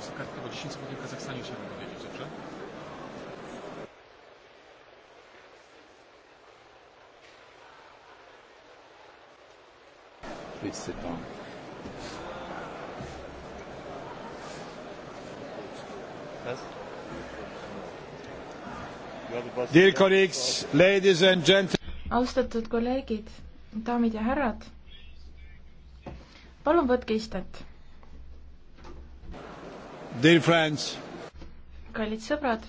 prostu kartkę, bo 10 sekund w Kazachstanie chciałbym powiedzieć, dobrze? Oui, c'est pas. Dear colleagues, ladies and gentlemen. austatud kolleegid, daamid ja härrad, palun võtke istet Dear friends. kallid sõbrad,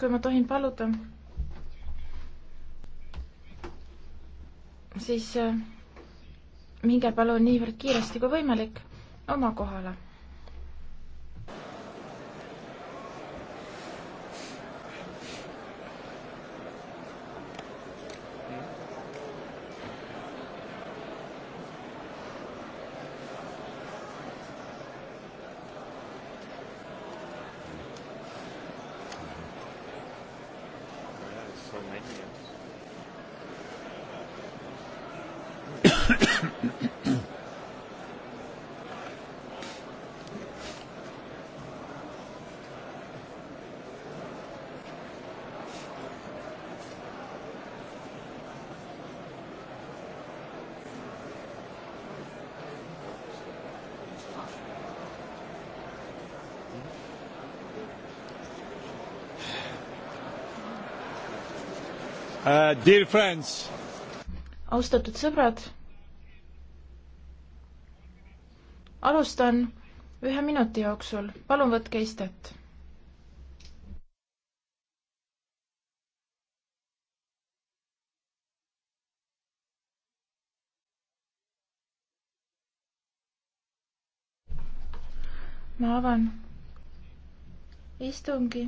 kui ma tohin paluda, siis äh, minge palun niivõrd kiiresti kui võimalik oma kohale Soll mein hier. uh,. austatud sõbrad, alustan ühe minuti jooksul, palun võtke istet ma avan istungi